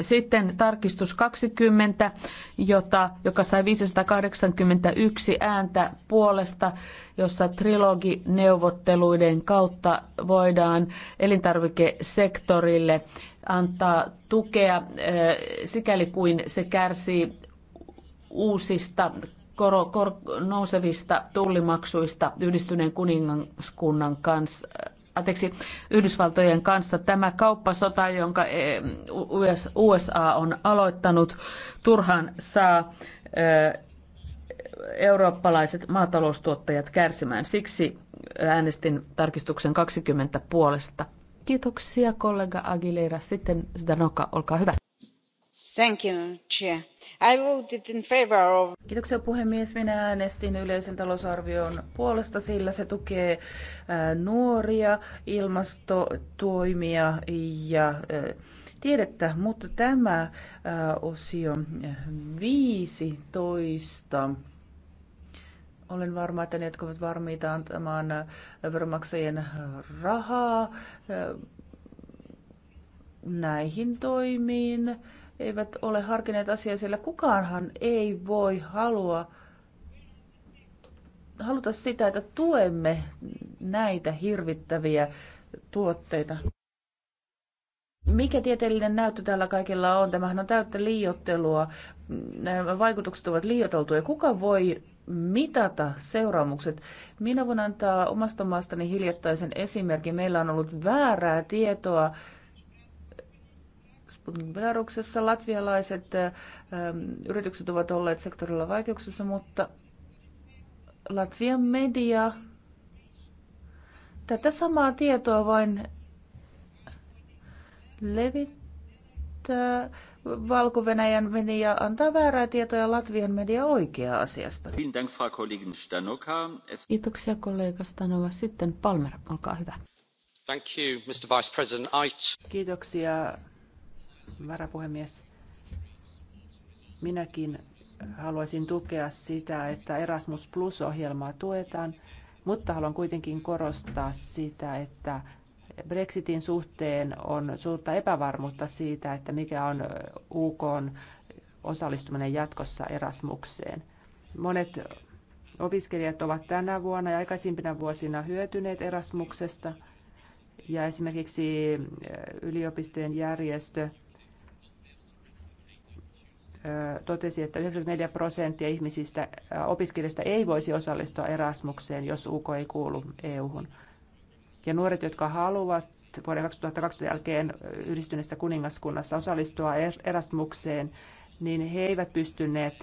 Sitten tarkistus 20, jota, joka sai 581 ääntä puolesta, jossa trilogineuvotteluiden kautta voidaan elintarvikesektorille antaa tukea, eh, sikäli kuin se kärsii uusista kor- kor, nousevista tullimaksuista yhdistyneen kuningaskunnan kanssa, anteeksi, Yhdysvaltojen kanssa. Tämä kauppasota, jonka eh, USA on aloittanut, turhan saa eh, eurooppalaiset maataloustuottajat kärsimään. Siksi äänestin tarkistuksen 20 puolesta. Kiitoksia kollega Aguilera. Sitten Zdanoka, olkaa hyvä. Kiitoksia puhemies. Minä äänestin yleisen talousarvion puolesta, sillä se tukee nuoria, ilmastotoimia ja tiedettä, mutta tämä osio 15 olen varma, että ne, jotka ovat varmiita antamaan veronmaksajien rahaa näihin toimiin, eivät ole harkineet asiaa, sillä kukaanhan ei voi halua haluta sitä, että tuemme näitä hirvittäviä tuotteita. Mikä tieteellinen näyttö tällä kaikella on? Tämähän on täyttä liiottelua. Nämä vaikutukset ovat liioteltuja. Kuka voi mitata seuraamukset? Minä voin antaa omasta maastani hiljattaisen esimerkin. Meillä on ollut väärää tietoa Belaruksessa latvialaiset yritykset ovat olleet sektorilla vaikeuksissa, mutta Latvian media tätä samaa tietoa vain levittää. Valko-Venäjän media antaa väärää tietoa ja Latvian media oikeaa asiasta. Kiitoksia kollega Stanova. Sitten Palmer, olkaa hyvä. Thank you, Mr. Vice President. I... Kiitoksia varapuhemies. Minäkin haluaisin tukea sitä, että Erasmus Plus-ohjelmaa tuetaan, mutta haluan kuitenkin korostaa sitä, että Brexitin suhteen on suurta epävarmuutta siitä, että mikä on UK osallistuminen jatkossa Erasmukseen. Monet opiskelijat ovat tänä vuonna ja aikaisimpina vuosina hyötyneet Erasmuksesta ja esimerkiksi yliopistojen järjestö totesi, että 94 prosenttia ihmisistä, opiskelijoista ei voisi osallistua Erasmukseen, jos UK ei kuulu EU-hun. Ja nuoret, jotka haluavat vuoden 2020 jälkeen yhdistyneessä kuningaskunnassa osallistua er-, Erasmukseen, niin he eivät pystyneet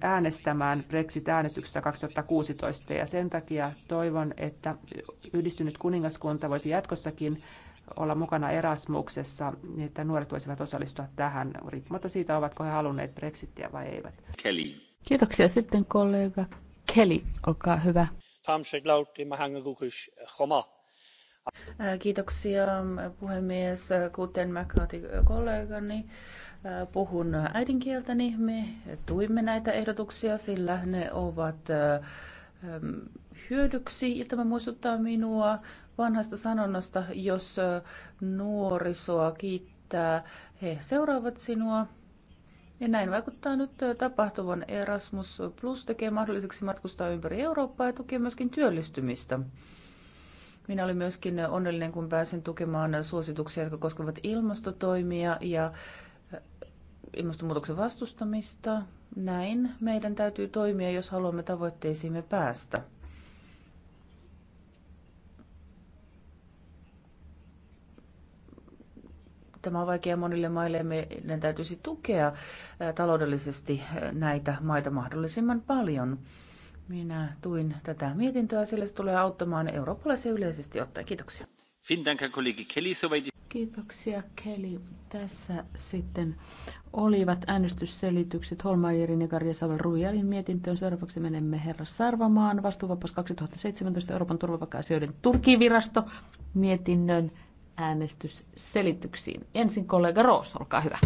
äänestämään Brexit-äänestyksessä 2016. Ja sen takia toivon, että yhdistynyt kuningaskunta voisi jatkossakin olla mukana Erasmuksessa, niin että nuoret voisivat osallistua tähän, riippumatta siitä, ovatko he halunneet Brexittiä vai eivät. Kelly. Kiitoksia sitten kollega Kelly, olkaa hyvä. Äh, kiitoksia puhemies. Kuten mä kollegani, äh, puhun äidinkieltäni. Me tuimme näitä ehdotuksia, sillä ne ovat äh, hyödyksi ja tämä muistuttaa minua vanhasta sanonnasta, jos nuorisoa kiittää, he seuraavat sinua. Ja näin vaikuttaa nyt tapahtuvan Erasmus Plus tekee mahdolliseksi matkustaa ympäri Eurooppaa ja tukee myöskin työllistymistä. Minä olin myöskin onnellinen, kun pääsin tukemaan suosituksia, jotka koskevat ilmastotoimia ja ilmastonmuutoksen vastustamista. Näin meidän täytyy toimia, jos haluamme tavoitteisiimme päästä. Tämä on vaikea monille maille ja meidän täytyisi tukea taloudellisesti näitä maita mahdollisimman paljon. Minä tuin tätä mietintöä, sillä se tulee auttamaan eurooppalaisia yleisesti ottaen. Kiitoksia. Kiitoksia Kelly. Tässä sitten olivat äänestysselitykset Holmajerin ja Karja Savel Ruijalin mietintöön. Seuraavaksi menemme herra Sarvamaan vastuuvapas 2017 Euroopan turvapaikka-asioiden Turkivirasto mietinnön äänestysselityksiin. Ensin kollega Roos, olkaa hyvä.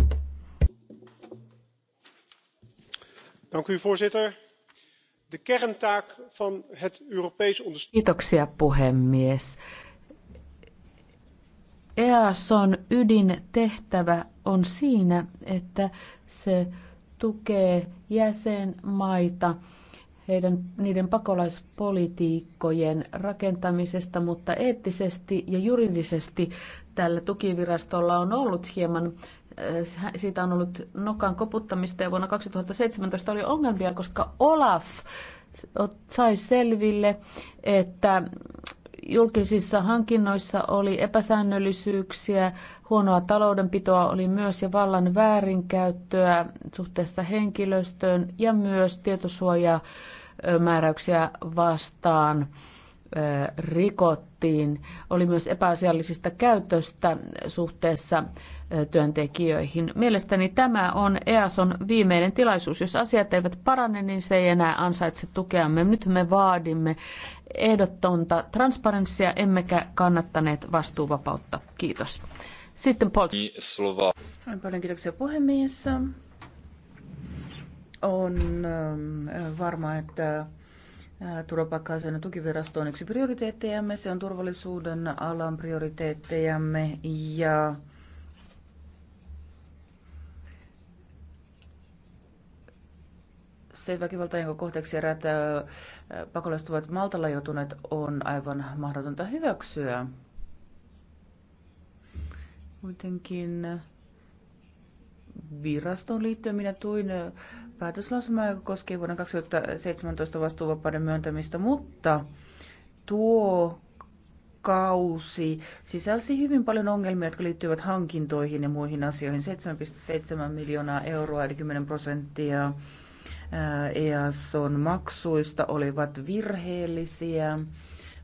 Dank u, voorzitter. De kerntaak van het Europees Kiitoksia puhemies. EASON ydintehtävä on siinä, että se tukee jäsenmaita heidän, niiden pakolaispolitiikkojen rakentamisesta, mutta eettisesti ja juridisesti tällä tukivirastolla on ollut hieman äh, siitä on ollut nokan koputtamista ja vuonna 2017 oli ongelmia, koska Olaf sai selville, että julkisissa hankinnoissa oli epäsäännöllisyyksiä, huonoa taloudenpitoa oli myös ja vallan väärinkäyttöä suhteessa henkilöstöön ja myös tietosuojamääräyksiä vastaan rikottiin. Oli myös epäasiallisista käytöstä suhteessa työntekijöihin. Mielestäni tämä on EASON viimeinen tilaisuus. Jos asiat eivät parane, niin se ei enää ansaitse tukeamme. Nyt me vaadimme ehdottonta transparenssia, emmekä kannattaneet vastuuvapautta. Kiitos. Sitten Paul. Niin, Paljon kiitoksia puhemies. On ähm, varma, että äh, Turvapaikka-asioiden tukivirasto on yksi prioriteettejämme. se on turvallisuuden alan prioriteettejämme ja se väkivalta, jonka kohteeksi erät pakolaiset ovat Maltalla joutuneet, on aivan mahdotonta hyväksyä. Kuitenkin viraston liittyen minä tuin päätöslausumaa, joka koskee vuoden 2017 vastuuvapauden myöntämistä, mutta tuo kausi sisälsi hyvin paljon ongelmia, jotka liittyvät hankintoihin ja muihin asioihin. 7,7 miljoonaa euroa eli 10 prosenttia EASON maksuista olivat virheellisiä.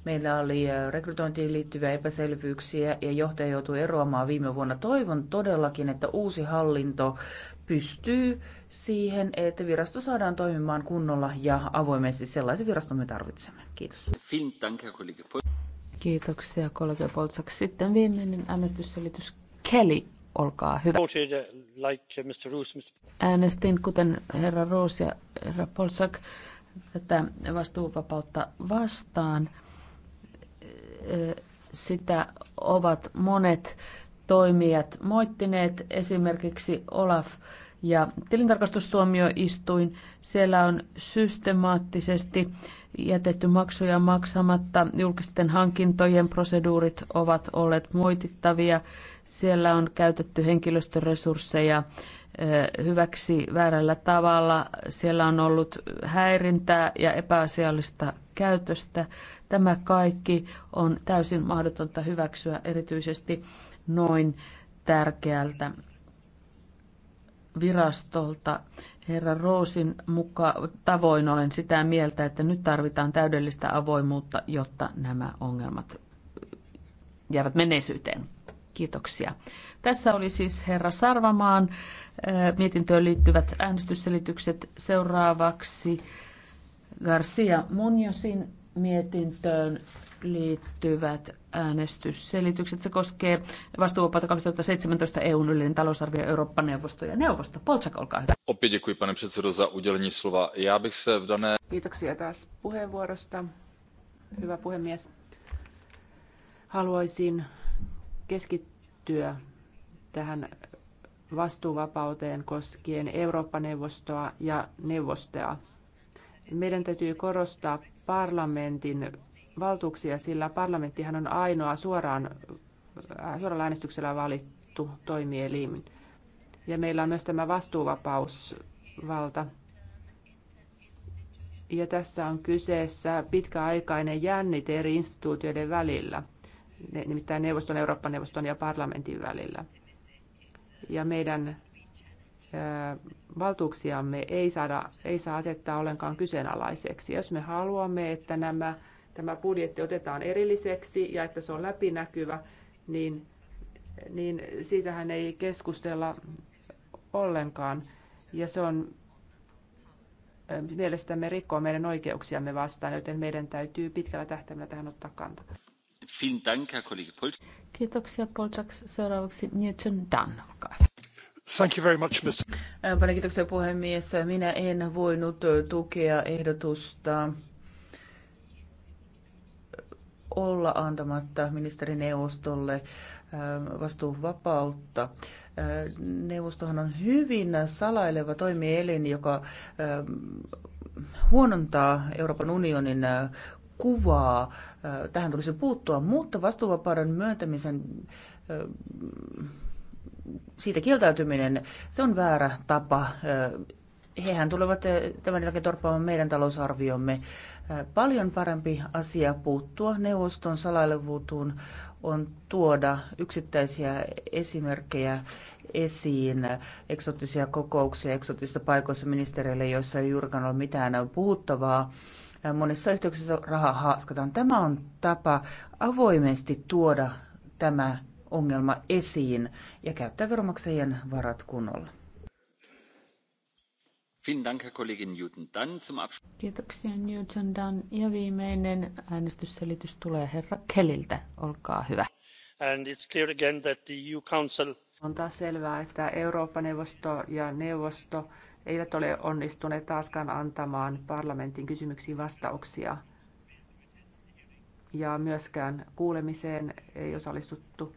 Meillä oli rekrytointiin liittyviä epäselvyyksiä ja johtaja joutui eroamaan viime vuonna. Toivon todellakin, että uusi hallinto pystyy siihen, että virasto saadaan toimimaan kunnolla ja avoimesti sellaisen viraston me tarvitsemme. Kiitos. Kiitoksia kollega Poltsak. Sitten viimeinen äänestysselitys Kelly olkaa hyvä. Äänestin kuten herra Roos ja herra Polsak tätä vastuuvapautta vastaan. Sitä ovat monet toimijat moittineet, esimerkiksi Olaf ja tilintarkastustuomioistuin. Siellä on systemaattisesti jätetty maksuja maksamatta. Julkisten hankintojen proseduurit ovat olleet moitittavia siellä on käytetty henkilöstöresursseja hyväksi väärällä tavalla. Siellä on ollut häirintää ja epäasiallista käytöstä. Tämä kaikki on täysin mahdotonta hyväksyä erityisesti noin tärkeältä virastolta. Herra Roosin muka, tavoin olen sitä mieltä, että nyt tarvitaan täydellistä avoimuutta, jotta nämä ongelmat jäävät menneisyyteen. Kiitoksia. Tässä oli siis herra Sarvamaan mietintöön liittyvät äänestysselitykset. Seuraavaksi Garcia Munjosin mietintöön liittyvät äänestysselitykset. Se koskee vastuuopata 2017 EUn yleinen talousarvio Euroopan neuvosto ja neuvosto. Polsak, olkaa hyvä. Kiitoksia taas puheenvuorosta. Hyvä puhemies. Haluaisin keskittyä tähän vastuuvapauteen koskien Eurooppa-neuvostoa ja neuvostoa. Meidän täytyy korostaa parlamentin valtuuksia, sillä parlamenttihan on ainoa suoraan, äh, suoralla äänestyksellä valittu toimielin. Ja meillä on myös tämä vastuuvapausvalta. Ja tässä on kyseessä pitkäaikainen jännite eri instituutioiden välillä – nimittäin neuvoston, Eurooppa-neuvoston ja parlamentin välillä. Ja meidän valtuuksiamme ei, saada, ei saa asettaa ollenkaan kyseenalaiseksi. Jos me haluamme, että nämä, tämä budjetti otetaan erilliseksi ja että se on läpinäkyvä, niin, niin siitähän ei keskustella ollenkaan. Ja se on mielestämme rikkoa meidän oikeuksiamme vastaan, joten meidän täytyy pitkällä tähtäimellä tähän ottaa kantaa. Kiitoksia, Seuraavaksi Newton Thank you very much, Mr. puhemies. Minä en voinut tukea ehdotusta olla antamatta ministerineuvostolle vastuuvapautta. Neuvostohan on hyvin salaileva toimielin, joka huonontaa Euroopan unionin kuvaa. Tähän tulisi puuttua, mutta vastuuvapauden myöntämisen siitä kieltäytyminen, se on väärä tapa. Hehän tulevat tämän jälkeen torppaamaan meidän talousarviomme. Paljon parempi asia puuttua neuvoston salailevuutuun on tuoda yksittäisiä esimerkkejä esiin, eksotisia kokouksia eksotista paikoissa ministereille, joissa ei juurikaan ole mitään puhuttavaa monessa yhteyksessä rahaa haaskataan. Tämä on tapa avoimesti tuoda tämä ongelma esiin ja käyttää veronmaksajien varat kunnolla. Kiitoksia Newton Dunn. Ja viimeinen äänestysselitys tulee herra Kelliltä. Olkaa hyvä. And it's clear again that the EU Council on taas selvää, että Eurooppa-neuvosto ja neuvosto eivät ole onnistuneet taaskaan antamaan parlamentin kysymyksiin vastauksia. Ja myöskään kuulemiseen ei osallistuttu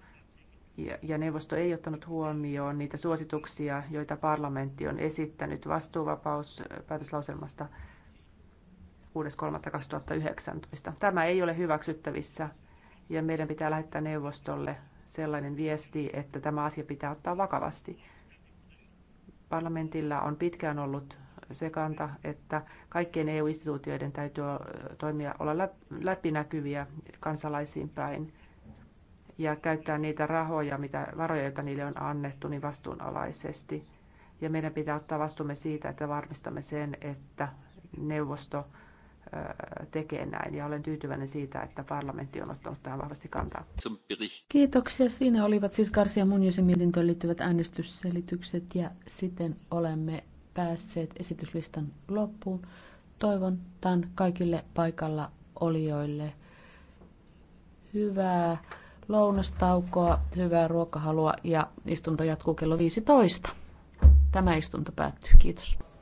ja neuvosto ei ottanut huomioon niitä suosituksia, joita parlamentti on esittänyt vastuuvapauspäätöslauselmasta 6.3.2019. Tämä ei ole hyväksyttävissä ja meidän pitää lähettää neuvostolle sellainen viesti, että tämä asia pitää ottaa vakavasti. Parlamentilla on pitkään ollut se kanta, että kaikkien EU-instituutioiden täytyy toimia olla läpinäkyviä kansalaisiin päin ja käyttää niitä rahoja, mitä, varoja, joita niille on annettu, niin vastuunalaisesti. Ja meidän pitää ottaa vastuumme siitä, että varmistamme sen, että neuvosto tekee näin ja olen tyytyväinen siitä, että parlamentti on ottanut tähän vahvasti kantaa. Kiitoksia. Siinä olivat siis Garcia Munjosen mietintöön liittyvät äänestysselitykset ja sitten olemme päässeet esityslistan loppuun. Toivon tämän kaikille paikalla olijoille hyvää lounastaukoa, hyvää ruokahalua ja istunto jatkuu kello 15. Tämä istunto päättyy. Kiitos.